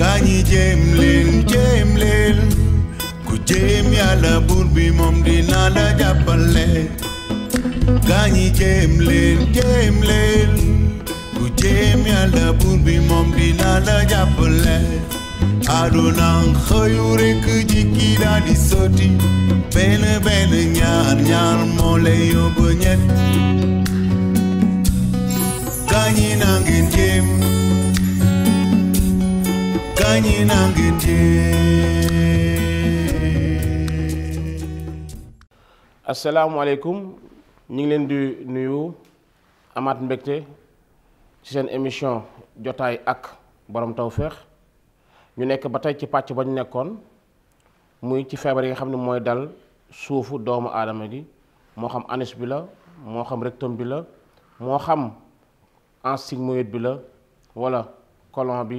gaañi jéem leen jéem leen ku jéem yàlla buur bi moom dina la jàppale gaañi jéem leen jéem leen ku jéem yàlla buur bi moom dina la jàppale aduna xëyu rekk jikki di soti Bene bene ñaar ñaar moo lay yóbbu ñett gaañi naa anyị na ngende ñu ngi leen di nuyu amaat mbégte ci seen émission jotaay ak boroom tawféex ñu nekk ba tey ci pàcc ba ñu nekkoon muy ci feebar yi xam ne mooy dal suufu doomu aadama gi moo xam anus bi la moo xam rectum bi la moo xam enstigmoïde bi la wala colon bi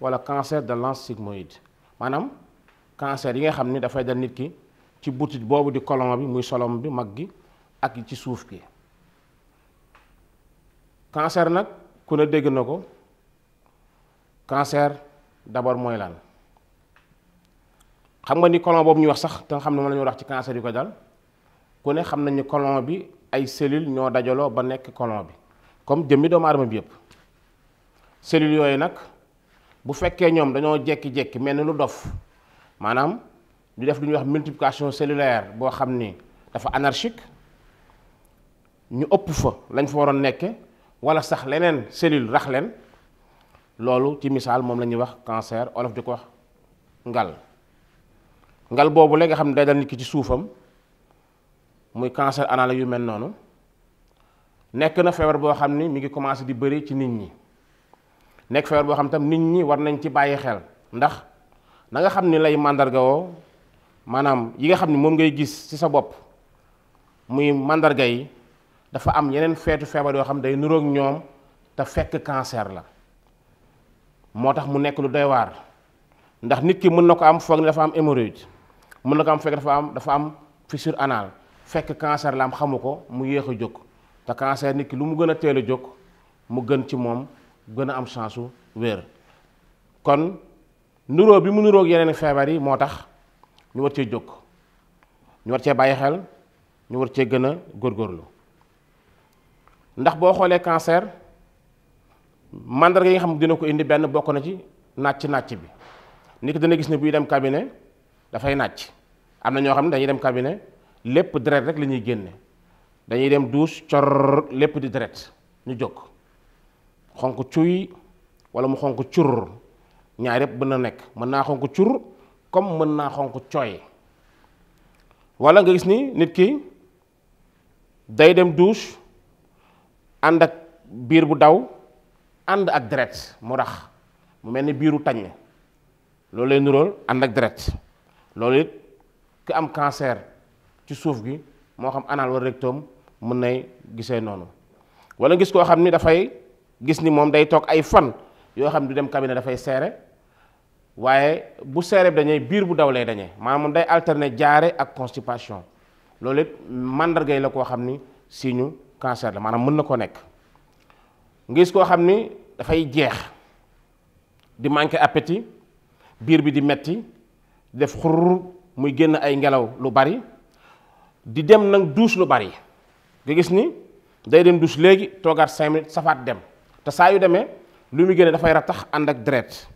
wala cancer de l'anse sigmoïde maanaam cancer yi nga xam ni dafay dal nit ki ci bouti bobu di colon bi muy solom bi maggi ak ci souf gi cancer nak ku ne dégg cancer d'abord moy lan xam nga ni colon bobu ñu wax sax te xam na moom wax ci cancer yu ko dal ku ne xam nañ ni colon bi ay cellules ñoo dajalo ba nek colon bi comme demi do aadama bi yëpp cellules yoy nak bu fekkee ñom dañoo jekki-jekki mel lu dof manam def des wax multiplication cellulaire bo dafa anarchique ñu ëpp fa lañ wala sax leneen cellule rax lolu ci cancer olof diko wax ngal ngal bobu vous nga des ne dal nit cancer anal yu mel nonu na fièvre bo mi ngi di Nek fer bo xam tam nit ñi war nañ ci bayyi xel ndax na nga xam ni lay mandarga wo manam yi nga xam ni mom ngay gis ci sa bop muy mandarga yi dafa am yenen fetu febar yo xam day ak ñom ta fekk cancer la motax mu nek lu doy war ndax nit ki mën nako am fogg dafa am hémorroïde mën nako am fekk dafa am dafa am fissure anal fekk cancer la am xamuko mu yexu a ta cancer nit ki lu mu gëna a mu gën ci mom gën a am chance su kon nuróo bi mu nuroo yeneen feebar yi moo tax ñu war cee jóg ñu war cee bàyyi xel ñu war cee gën a góor góorlu ndax boo xoolee cancer mandarga yi nga xam dina ko indi benn bokk na ci nàcc nàcc bi nit ki dana gis ne buy dem cabinet dafay nàcc am na ñoo xam ne dañuy dem cabinet lépp deret rek la ñuy génne dañuy dem douche cor lépp di deret ñu jóg xonq cuy wala mu xonq cur ñaar yëpp mën na nekk mën naa xonq cur comme mën naa xonq cooy wala nga gis ni nit ki day dem douche ànd ak biir bu daw ànd ak deret mu rax mu mel ni biiru tañ loolu lay nurool ànd ak deret loolu it ki am cancer ci suuf gi moo xam anal wala rectum mën nay gisee noonu wala gis koo xam ni dafay gis ni moom day toog ay fan yoo xam du dem cabinet dafay seere waaye bu seere bi dañee biir bu daw lay dañee maanaam moom day alterner diarrhée ak constipation loolu it mandargay la koo xam ni signe cancer la maanaam mën na ko nekk ngis koo xam ni dafay jeex di manqué appétit biir bi di metti def xurr muy génn ay ngelaw lu bari di dem nag duus lu bari nga gis ni day dem duus léegi toogaat cinq safaat dem te saa yu demee lu muy génne dafay ratax ànd ak deret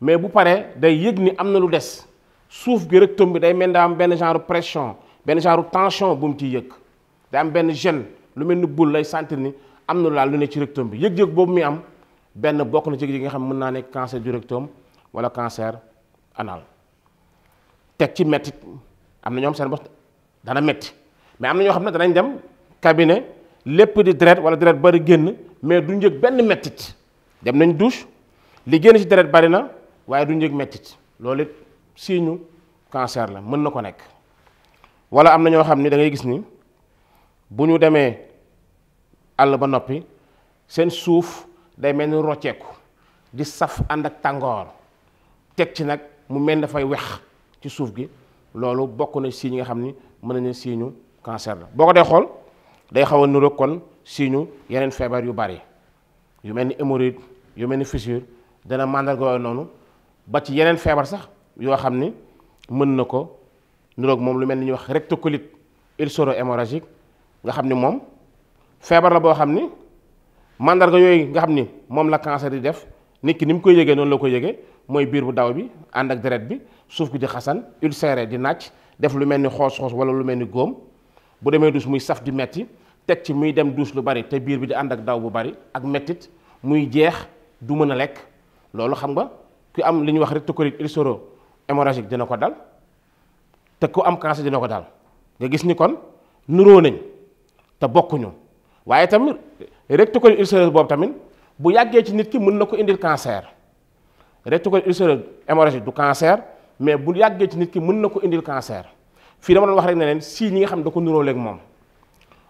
mais bu paree day yëg ni am na lu des suuf bi rectum bi day mel daa am benn genre pression benn genre tension bu mu ci yëg day am benn gêne lu mel ni bul lay sentir ni am na lu laal lu bi yëg-yëg boobu muy am benn bokk na ci yi nga xam mën naa nekk cancer du wala cancer anal teg ci mettit am na seen bopp dana metti mais am na ñoo xam ne danañ dem cabinet lépp di deret wala deret bari génn mais du yëg benn mettit dem nañ douche li génn ci deret bari na waaye du njëg mettit loolu siiñu signe la mën na ko nekk wala am na ñoo xam ni dangay gis ni bu ñu demee àll ba noppi seen suuf day mel ni rocceeku di saf ànd ak tàngoor teg ci nag mu mel dafay wex ci suuf gi loolu bokk na signe yi nga xam ni mën nañu signe cancer la boo ko dee xool day xaw a kon si ñu yeneen feebar yu bari yu melni ni hémorroïde yu melni ni fissure dana màndargoo nonu ba ci yenen febar sax yo xamni mën nako ko mom lu melni ni wax rectocolite ulcéro-hémorragique nga xamni mom febar la bo xamni ni màndarga yooyu nga xamni mom la cancer di def nit ki ni koy yëgee non la koy yëgee moy bir bu daw bi and ak deret bi suuf gi di xasan ulcère di naaj def lu melni ni xoos wala lu melni gom bu demee dus muy saf di metti teg ci muy dem duus lu bari te biir bi di ànd ak daw bu bari ak mettit muy jeex du mën a lekk loolu xam nga ku am li ñuy wax rectocolite ulcéro-hémorragique dina ko dal te ku am cancer dina ko dal nga gis ni kon nuróo nañ te bokkuñu waaye tam rectocolite ulcéreuse boobu tamit bu yàggee ci nit ki mën na ko indil cancer rectocolite ulcéro-hémorragique du cancer mais bu yàggee ci nit ki mën na ko indil cancer fii dama doon wax rek ne leen si ñi nga xam da ko nuróoleeg moom.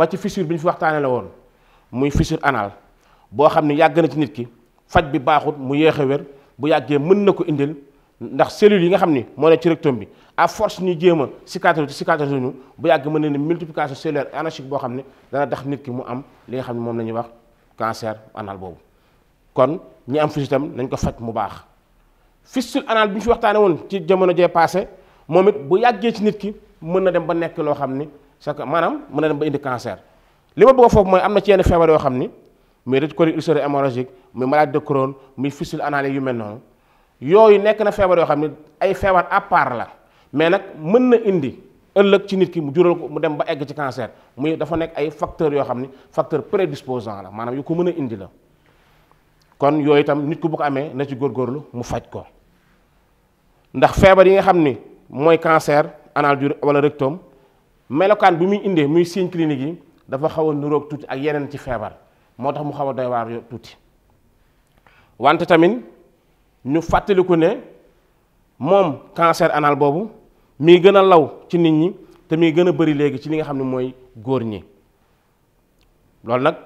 ba ci fissure biñ fi waxtaanee la woon muy fissure anal boo xam ne yàgg na ci nit ki faj bi baaxut mu yéex a wér bu yàggee mën na ko indil ndax cellules yi nga xam ni moo ne ci rectum bi à force ñu jéem a cicatrice cicatrice ñu bu yàgg mën na multiplication cellulaire anachique boo xam ne dana tax nit ki mu am li nga xam ne moom la ñuy wax cancer anal boobu kon ñi am fissure itam nañ ko faj mu baax fissure anal bi ñu fi waxtaanee woon ci jamono jee passé moom it bu yàggee ci nit ki mën na dem ba nekk loo xam ni c'est que mën na ba indi cancer lima bëgg fofu moy amna ci yenn feebar yo xamni ni muy ko colique ulcéro-hémorragique muy malade de Crohn muy fistule anale yu mel non yooyu nekk na feebar yo xamni ay feebar à part la mais nak mën na indi ëllëg ci nit ki mu jural ko mu dem ba egg ci cancer muy dafa nekk ay facteur yo xamni facteur prédisposant la manam yu ko mëna indi la kon yoy tam nit ku bu ko amé na ci gor gorlu mu faj ko ndax feebar yi nga xamni moy cancer anal du wala rectum melokaan bi muy indee muy signe clinique yi dafa xaw a nuroog tuuti ak yeneen ci feebar moo tax mu xaw a doy waar tuuti wante tamit ñu fàttaliku ne moom cancer anal boobu mi gën a law ci nit ñi te muy gën a bari léegi ci li nga xam ne mooy góor ñi loolu nag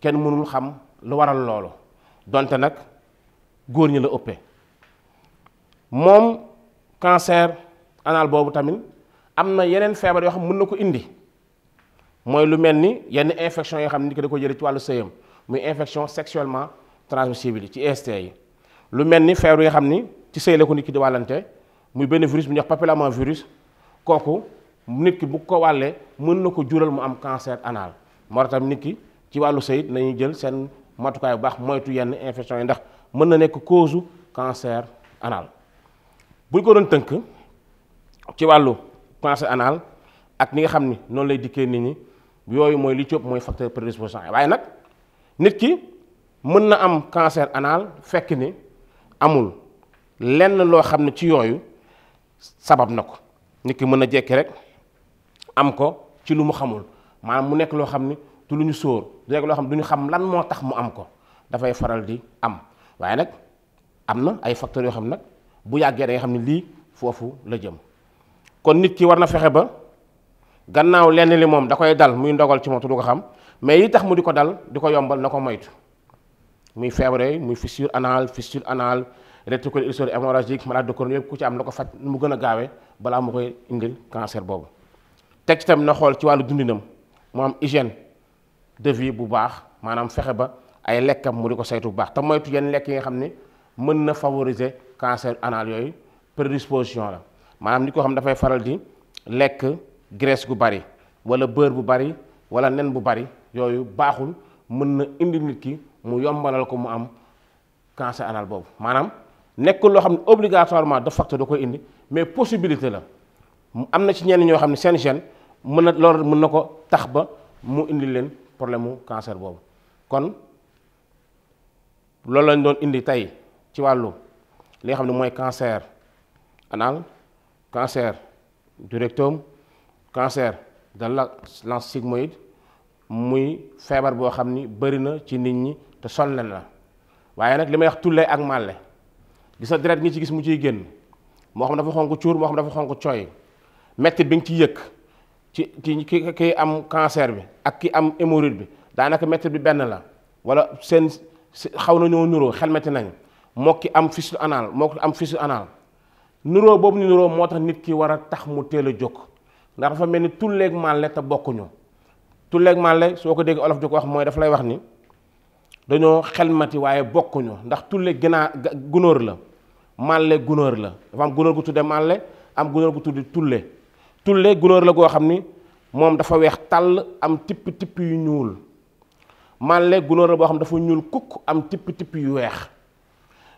kenn mënul xam lu waral loolu donte nag góor ñi la ëppee moom cancer anal boobu tamit. am na yeneen feebar yoo xam mën na ko indi mooy lu mel ni yenn infection yoo xam ni nit ki da ko jëlee ci wàllu sëyam muy infection sexuellement transmissible yi ci IST e yi lu mel ni feebar yoo xam ni ci sëy la ko nit ki di wàllante muy benn virus bu ñuy wax virus kooku nit ki bu ko wàllee mën na ko jural mu am cancer anal moo nit ki ci wàllu sëy nañuy jël seen matukaay bu baax moytu yenn infection yi ndax mën na nekk cause cancer anal bu ko doon tënk ci wàllu pensée anale ak ni nga xam ni noonu lay dikkee nit ñi yooyu mooy li ci ëpp mooy facteur prédisposition waaye nag nit ki mën na am cancer anal fekk ni amul lenn loo xam ne ci yooyu sabab na ko nit ki mën a jekki rek am ko ci lu mu xamul maanaam mu nekk loo xam ni du lu ñu sóor du nekk loo xam ne du ñu xam lan moo tax mu am ko dafay faral di am waaye nag am na ay facteur yoo xam nag bu yàggee da xam ne lii foofu la jëm kon nit ki war na fexe ba gannaaw lenn li moom da koy dal muy ndogal ci moom du ko xam mais yi tax mu di ko dal di ko yombal na ko moytu muy fièvre muy fissure anale fissure anale réticule ulcère hémorragique maladie de Crohn yëpp ku ci am na ko faj mu gën a gaawee balaa mu koy indil cancer boobu. teg ci tamit na xool ci wàllu dundinam mu am hygiène de vie bu baax maanaam fexe ba ay lekkam mu di ko saytu bu baax te moytu yenn lekk yi nga xam ne mën na favoriser cancer anal yooyu prédisposition la. maanaam nit koo xam dafay faral di lekk graisse gu bari wala beurre bu bari wala nen bu bari yooyu baaxul mën na indi nit ki mu yombalal ko mu am cancer anal boobu maanaam nekkul loo xam ne obligatoirement de facto da koy indi mais possibilité la mu am na ci ñenn ñoo xam ne seen gène mën na loolu mën na ko tax ba mu indi leen problème mu cancer boobu kon loolu lañ doon indi tey ci wàllu li xam ne mooy cancer anal cancer du rectum cancer de la lance muy feebar boo xam ni bëri na ci nit ñi te sonlen la waaye nag li may wax tulle ak màlle gis na deret ngi ci gis mu ciy génn moo xam dafa xonk cuur moo xam dafa xonk cooy mettit bi ci yëkk ci ci ki ki am cancer bi ak ki am hémorroïde bi daanaka mettit bi benn la wala seen xaw na ñoo nuroo xel metti nañ moo ki am fistule anal moo ki am fistule anal nuroo boobu ni nuroo moo tax nit ki war a tax mu teel a jóg ndax dafa mel ni tulleeg màlle te bokkuñu tulleeg màlle soo ko dégg olof di ko wax mooy dafa lay wax ni dañoo xelmati waaye bokkuñu ndax tulle gënaa gunóor la màlle gunóor la dafa am gunóor gu tudde màlle am gunóor gu tudde tulle tulle gunóor la goo xam ni moom dafa weex tàll am tipp tipp yu ñuul màlle gunóor la boo xam dafa ñuul kukk am tipp tipp yu weex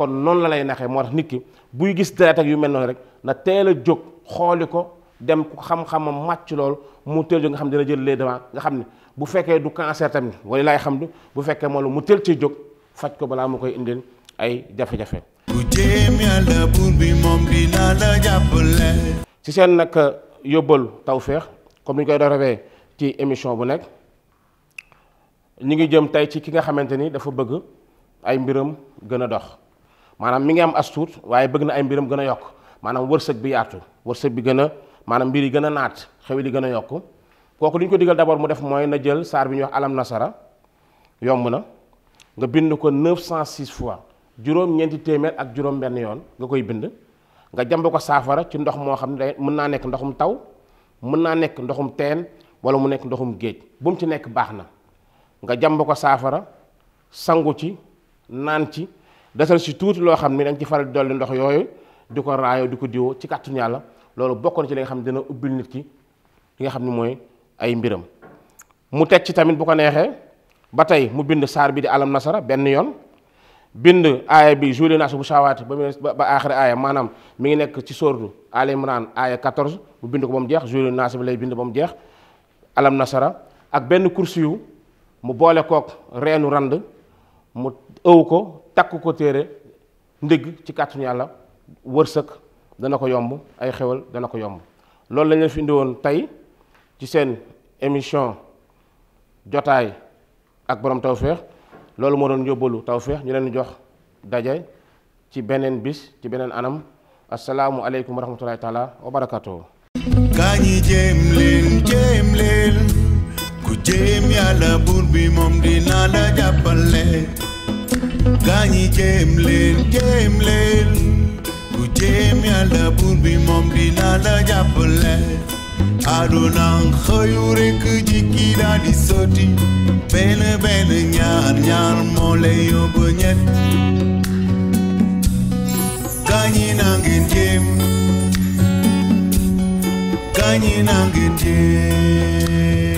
kon noonu la lay naxee moo tax nit ki buy gis deret ak yu mel noonu rek na teel a jóg xooli ko dem ku xam-xamam màcc lool mu teel jóg nga xam dina jël les devant nga xam ne bu fekkee du cancer tamit wala laay xam du bu fekkee moo la mu teel ci jóg faj ko balaa mu koy indil ay jafe-jafe. bu jéem yàlla buur bi moom dina la jàppale. ci seen nag euh, yóbbal tawféex comme ni ñu koy dooree ci émission bu nekk ñu ngi jëm tey ci ki nga xamante ni dafa bëgg ay mbiram gën a dox. maanaam mi ngi am as tuut waaye bëgg na ay mbiram gën a yokk maanaam wërsëg bi yaatu wërsëg bi gën a maanaam mbir yi gën a naat xewi li gën a yokk kooku li ñu ko digal d'abord mu def mooy na jël saar bi ñu wax alam nasara yomb na nga bind ko 906 fois juróom-ñeenti téeméer ak juróom-benn yoon nga koy bind nga jàmb ko saafara ci ndox moo xam ne day mën naa nekk ndoxum taw mën naa nekk ndoxum teen wala mu nekk ndoxum géej bu mu ci nekk baax na nga jàmb ko saafara sangu ci naan ci desal si tuuti loo xam ni dañ nga ci faral di dolli ndox yooyu di ko raayoo di ko diwoo ci kàttanu yàlla loolu bokkoon ci li xam ne dina ubbil nit ki li nga xam ne mooy ay mbiram mu teg ci tamit bu ko neexee ba tey mu bind saar bi di alam nasara benn yoon bind aaya bi juli naas bu sawaati ba mu ba aaxiri aaya maanaam mi ngi nekk ci sóordu al imran aaya 14 mu bind ko ba mu jeex juli naas bi lay bind ba mu jeex alam nasara ak benn kursi yu mu boole kook reenu rand mu ëw ko takk ko téere ndégg ci kàttanu yàlla wërsëg dana ko yomb ay xewal dana ko yomb loolu lañ la fi indi woon tey ci seen émission jotaay ak borom tawféex loolu moo doon yóbbalu tawféex ñu leen jox daje ci beneen bis ci beneen anam assalamu alaykum warahmatullahi taala wabarakatuh barakatuhu gaa ñi jéem leen jéem leen ku jéem yàlla buur bi moom dina la jàppale gangi jem len jem len ku jem yalla bur bi mom dina la jàppale aduna xëyu rek jikki daa di sotti benn benn jem jem